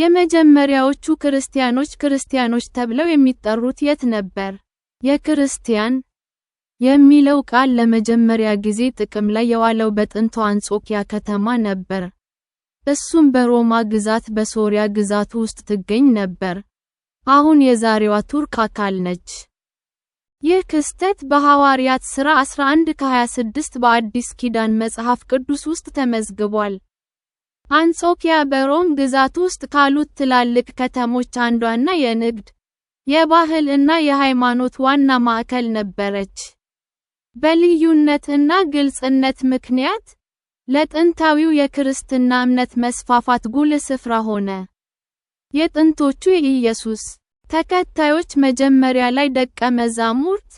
የመጀመሪያዎቹ ክርስቲያኖች ክርስቲያኖች ተብለው የሚጠሩት የት ነበር? የክርስቲያን የሚለው ቃል ለመጀመሪያ ጊዜ ጥቅም ላይ የዋለው በጥንቱ አንጾኪያ ከተማ ነበር። እሱም በሮማ ግዛት በሶሪያ ግዛቱ ውስጥ ትገኝ ነበር። አሁን የዛሬዋ ቱርክ አካል ነች። ይህ ክስተት በሐዋርያት ሥራ 11 ከ26 በአዲስ ኪዳን መጽሐፍ ቅዱስ ውስጥ ተመዝግቧል። አንጾኪያ በሮም ግዛት ውስጥ ካሉት ትላልቅ ከተሞች አንዷና የንግድ፣ የባህል እና የሃይማኖት ዋና ማዕከል ነበረች። በልዩነት እና ግልጽነት ምክንያት፣ ለጥንታዊው የክርስትና እምነት መስፋፋት ጉልህ ስፍራ ሆነ። የጥንቶቹ የኢየሱስ ተከታዮች መጀመሪያ ላይ ደቀ መዛሙርት፣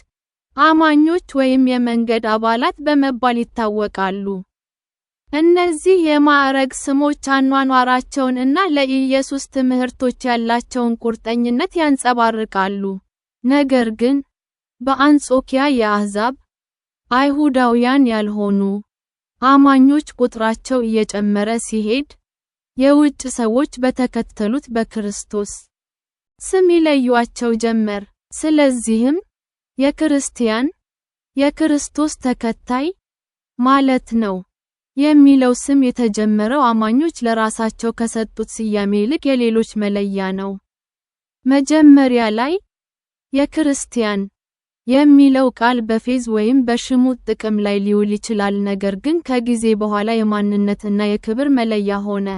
አማኞች ወይም የመንገድ አባላት በመባል ይታወቃሉ። እነዚህ የማዕረግ ስሞች አኗኗራቸውን እና ለኢየሱስ ትምህርቶች ያላቸውን ቁርጠኝነት ያንጸባርቃሉ። ነገር ግን፣ በአንጾኪያ የአሕዛብ አይሁዳውያን ያልሆኑ አማኞች ቁጥራቸው እየጨመረ ሲሄድ፣ የውጭ ሰዎች በተከተሉት በክርስቶስ ስም ይለዩአቸው ጀመር። ስለዚህም፣ የክርስቲያን የክርስቶስ ተከታይ ማለት ነው። የሚለው ስም የተጀመረው አማኞች ለራሳቸው ከሰጡት ስያሜ ይልቅ የሌሎች መለያ ነው። መጀመሪያ ላይ፣ የክርስቲያን የሚለው ቃል በፌዝ ወይም በሽሙጥ ጥቅም ላይ ሊውል ይችላል ነገር ግን ከጊዜ በኋላ የማንነትና የክብር መለያ ሆነ።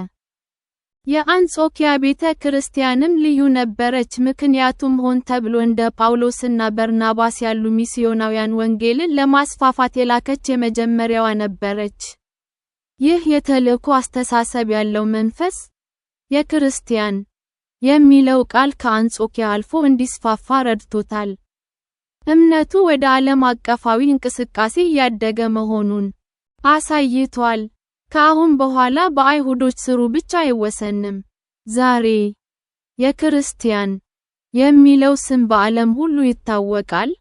የአንጾኪያ ቤተ ክርስቲያንም ልዩ ነበረች ምክንያቱም ሆን ተብሎ እንደ ጳውሎስና በርናባስ ያሉ ሚስዮናውያን ወንጌልን ለማስፋፋት የላከች የመጀመሪያዋ ነበረች። ይህ የተልእኮ አስተሳሰብ ያለው መንፈስ፣ የክርስቲያን የሚለው ቃል ከአንጾኪያ አልፎ እንዲስፋፋ ረድቶታል። እምነቱ ወደ ዓለም አቀፋዊ እንቅስቃሴ እያደገ መሆኑን አሳይቷል። ከአሁን በኋላ በአይሁዶች ስሩ ብቻ አይወሰንም። ዛሬ የክርስቲያን የሚለው ስም በዓለም ሁሉ ይታወቃል።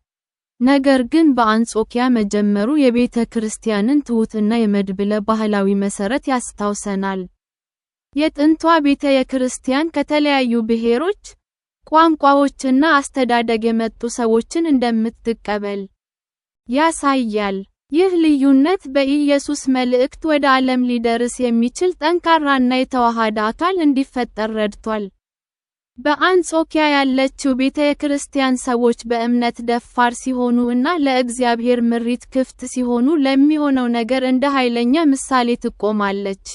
ነገር ግን በአንጾኪያ መጀመሩ የቤተ ክርስቲያንን ትሑትና የመድብለ ባህላዊ መሠረት ያስታውሰናል። የጥንቷ ቤተ የክርስቲያን ከተለያዩ ብሔሮች፣ ቋንቋዎችና አስተዳደግ የመጡ ሰዎችን እንደምትቀበል ያሳያል። ይህ ልዩነት በኢየሱስ መልእክት ወደ ዓለም ሊደርስ የሚችል ጠንካራና የተዋሃደ አካል እንዲፈጠር ረድቷል። በአንጾኪያ ያለችው ቤተ ክርስቲያን ሰዎች በእምነት ደፋር ሲሆኑ እና ለእግዚአብሔር ምሪት ክፍት ሲሆኑ ለሚሆነው ነገር እንደ ኃይለኛ ምሳሌ ትቆማለች።